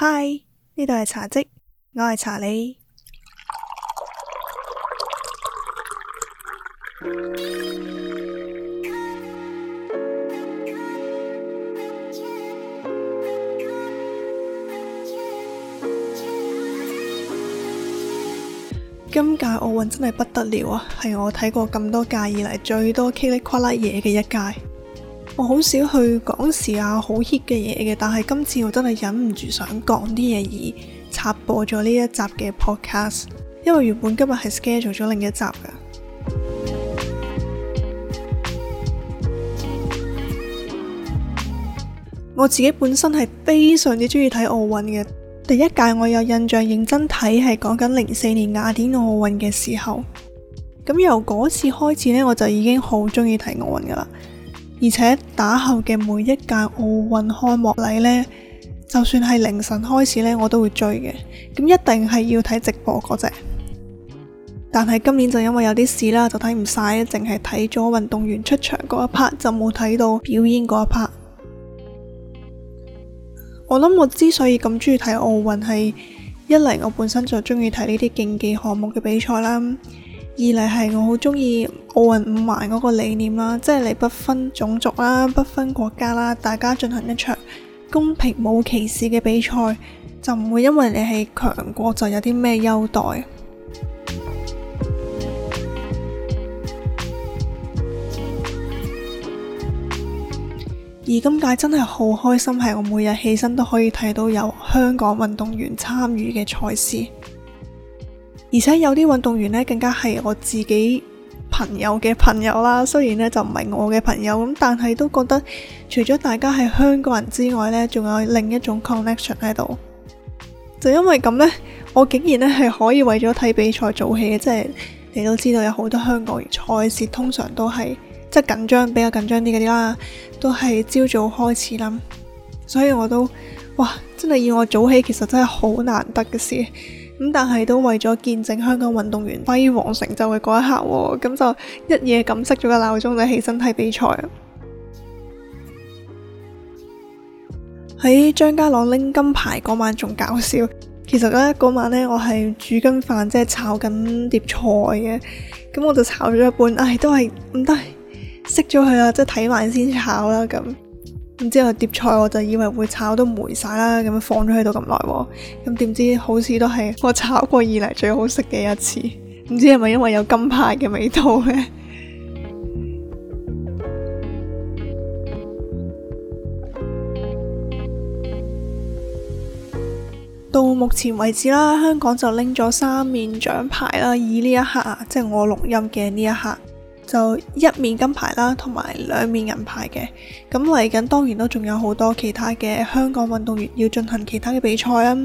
Hi，呢度係茶嘖，我係茶你。今屆奧運真係不得了啊，係我睇過咁多屆以來最多稀里呱啦嘢嘅一屆。我好少去講時啊，好 hit 嘅嘢嘅，但係今次我真係忍唔住想講啲嘢，而插播咗呢一集嘅 podcast，因為原本今日係 schedule 咗另一集噶。我自己本身係非常之中意睇奧運嘅，第一屆我有印象認真睇係講緊零四年雅典奧運嘅時候，咁由嗰次開始呢，我就已經好中意睇奧運噶啦。而且打後嘅每一屆奧運開幕禮呢，就算係凌晨開始呢，我都會追嘅。咁一定係要睇直播嗰隻。但係今年就因為有啲事啦，就睇唔晒，淨係睇咗運動員出場嗰一 part，就冇睇到表演嗰一 part。我諗我之所以咁中意睇奧運，係一嚟我本身就中意睇呢啲競技項目嘅比賽啦。二嚟係我好中意奧運五環嗰個理念啦，即係你不分種族啦，不分國家啦，大家進行一場公平冇歧視嘅比賽，就唔會因為你係強國就有啲咩優待。 而今屆真係好開心，係我每日起身都可以睇到有香港運動員參與嘅賽事。而且有啲運動員咧，更加係我自己朋友嘅朋友啦。雖然咧就唔係我嘅朋友，咁但係都覺得除咗大家係香港人之外咧，仲有另一種 connection 喺度。就因為咁呢，我竟然咧係可以為咗睇比賽早起嘅，即係你都知道有好多香港賽事，通常都係即係緊張，比較緊張啲嗰啲啦，都係朝早開始啦。所以我都哇，真係要我早起，其實真係好難得嘅事。但係都為咗見證香港運動員輝煌成就嘅嗰一刻，咁就一夜咁熄咗個鬧鐘就起身睇比賽。喺張、哎、家朗拎金牌嗰晚仲搞笑，其實呢嗰晚呢，我係煮緊飯，即係炒緊碟菜嘅，咁我就炒咗一半，唉、哎、都係唔得，熄咗佢啦，即係睇完先炒啦咁。咁之後碟菜我就以為會炒到霉晒啦，咁樣放咗喺度咁耐，咁點知好似都係我炒過以嚟最好食嘅一次。唔知係咪因為有金牌嘅味道呢？ 到目前為止啦，香港就拎咗三面獎牌啦。以呢一刻，即係我錄音嘅呢一刻。就一面金牌啦，同埋兩面銀牌嘅。咁嚟緊當然都仲有好多其他嘅香港運動員要進行其他嘅比賽啦。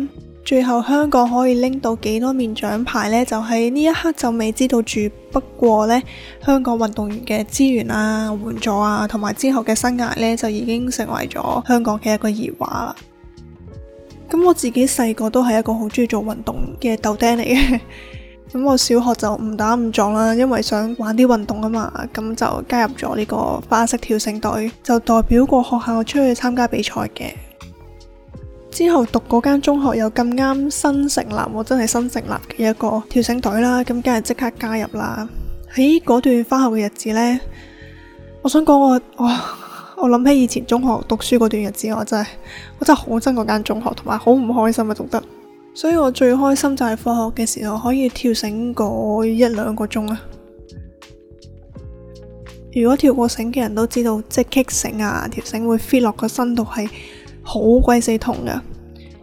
最後香港可以拎到幾多面獎牌呢？就喺呢一刻就未知道住。不過呢，香港運動員嘅資源啊、援助啊，同埋之後嘅生涯呢，就已經成為咗香港嘅一個熱話啦。咁我自己細個都係一個好中意做運動嘅豆丁嚟嘅。咁我小學就誤打誤撞啦，因為想玩啲運動啊嘛，咁就加入咗呢個花式跳繩隊，就代表個學校出去參加比賽嘅。之後讀嗰間中學又咁啱新成立，我真係新成立嘅一個跳繩隊啦，咁梗係即刻加入啦。喺嗰段返學嘅日子呢，我想講我、哦、我我諗起以前中學讀書嗰段日子，我真係我真係好憎嗰間中學，同埋好唔開心啊，讀得。所以我最開心就係放學嘅時候可以跳繩嗰一兩個鐘啊！如果跳過繩嘅人都知道，即係棘繩啊，條繩會飛落個身度係好鬼死痛噶。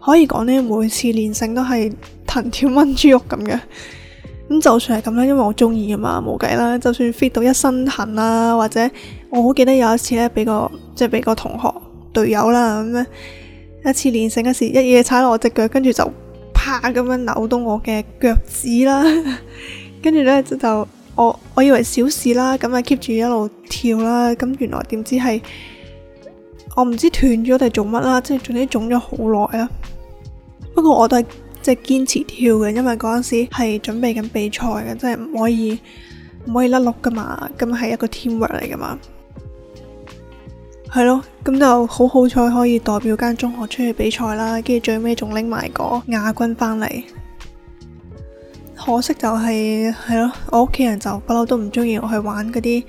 可以講呢，每次練繩都係藤條炆豬肉咁嘅。咁 就算係咁啦，因為我中意啊嘛，冇計啦。就算飛到一身痕啊，或者我好記得有一次呢，俾個即係俾個同學隊友啦咁咧，一次練繩嘅時，一夜踩落我隻腳，跟住就。下咁樣扭到我嘅腳趾啦，跟住咧就我我以為小事啦，咁啊 keep 住一路跳啦，咁原來點知係我唔知斷咗定係做乜啦，即係總之腫咗好耐啦。不過我都係即係堅持跳嘅，因為嗰陣時係準備緊比賽嘅，即係唔可以唔可以甩碌噶嘛，咁係一個 teamwork 嚟噶嘛。係咯，咁就好好彩可以代表間中學出去比賽啦，跟住最尾仲拎埋個亞軍翻嚟。可惜就係，係咯，我屋企人就不嬲都唔中意我去玩嗰啲，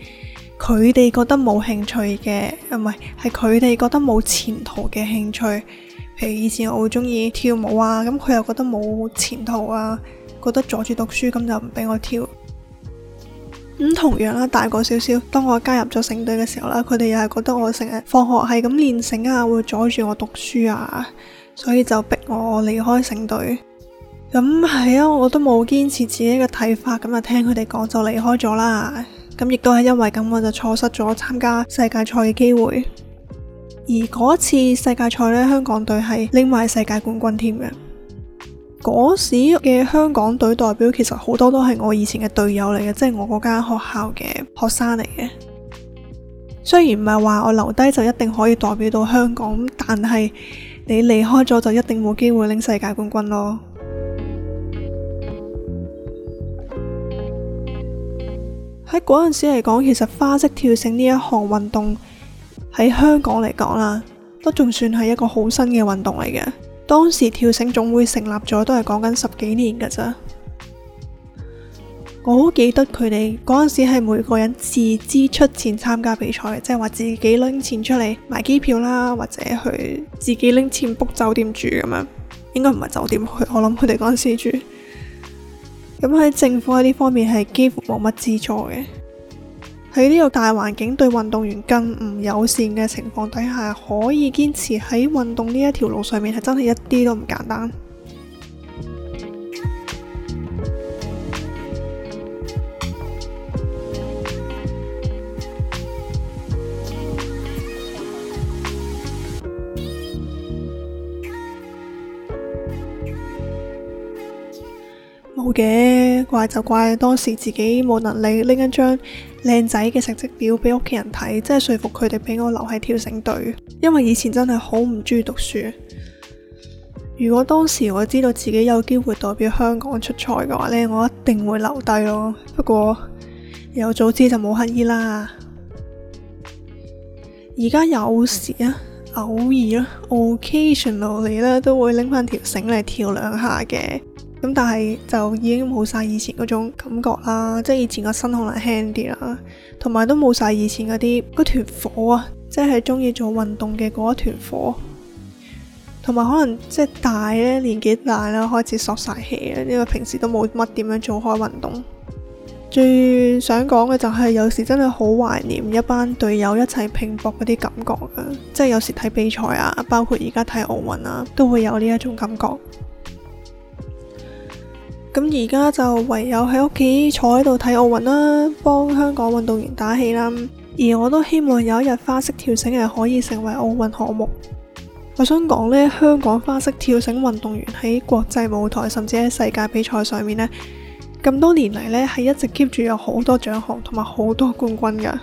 佢哋覺得冇興趣嘅，唔係，係佢哋覺得冇前途嘅興趣。譬如以前我好中意跳舞啊，咁佢又覺得冇前途啊，覺得阻住讀書，咁就唔俾我跳。咁同樣啦，大個少少。當我加入咗繩隊嘅時候啦，佢哋又係覺得我成日放學係咁練繩啊，會阻住我讀書啊，所以就逼我離開繩隊。咁係啊，我都冇堅持自己嘅睇法，咁啊聽佢哋講就離開咗啦。咁亦都係因為咁，我就錯失咗參加世界賽嘅機會。而嗰次世界賽咧，香港隊係拎埋世界冠軍添嘅。嗰時嘅香港隊代表其實好多都係我以前嘅隊友嚟嘅，即係我嗰間學校嘅學生嚟嘅。雖然唔係話我留低就一定可以代表到香港，但係你離開咗就一定冇機會拎世界冠軍咯。喺嗰陣時嚟講，其實花式跳繩呢一項運動喺香港嚟講啦，都仲算係一個好新嘅運動嚟嘅。當時跳繩總會成立咗，都係講緊十幾年㗎咋，我好記得佢哋嗰陣時係每個人自資出錢參加比賽，即係話自己拎錢出嚟買機票啦，或者去自己拎錢 book 酒店住咁樣。應該唔係酒店去，我諗佢哋嗰陣時住。咁 喺政府喺呢方面係幾乎冇乜資助嘅。喺呢個大環境對運動員更唔友善嘅情況底下，可以堅持喺運動呢一條路上面，係真係一啲都唔簡單。冇嘅， 怪就怪當時自己冇能力拎一張。靚仔嘅成績表俾屋企人睇，真係說服佢哋俾我留喺跳繩隊。因為以前真係好唔中意讀書。如果當時我知道自己有機會代表香港出賽嘅話呢，我一定會留低咯。不過有早知就冇乞衣啦。而家有時啊，偶爾啊，occasionally 咧，都會拎翻條繩嚟，跳兩下嘅。咁但係就已經冇晒以前嗰種感覺啦，即係以前個身可能輕啲啦，同埋都冇晒以前嗰啲嗰團火啊，即係中意做運動嘅嗰一團火，同埋可能即係大咧年紀大啦，開始索晒氣啊，因為平時都冇乜點樣做開運動。最想講嘅就係有時真係好懷念一班隊友一齊拼搏嗰啲感覺噶，即係有時睇比賽啊，包括而家睇奧運啊，都會有呢一種感覺。咁而家就唯有喺屋企坐喺度睇奧運啦，幫香港運動員打氣啦。而我都希望有一日花式跳繩係可以成為奧運項目。我想講呢，香港花式跳繩運動員喺國際舞台，甚至喺世界比賽上面呢，咁多年嚟，呢，係一直 keep 住有好多獎項同埋好多冠軍噶。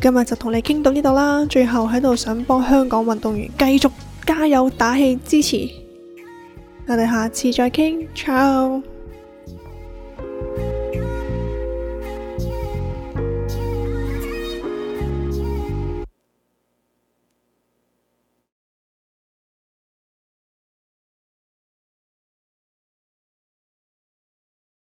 今日就同你傾到呢度啦，最後喺度想幫香港運動員繼續加油打氣支持。我哋下次再傾，ciao。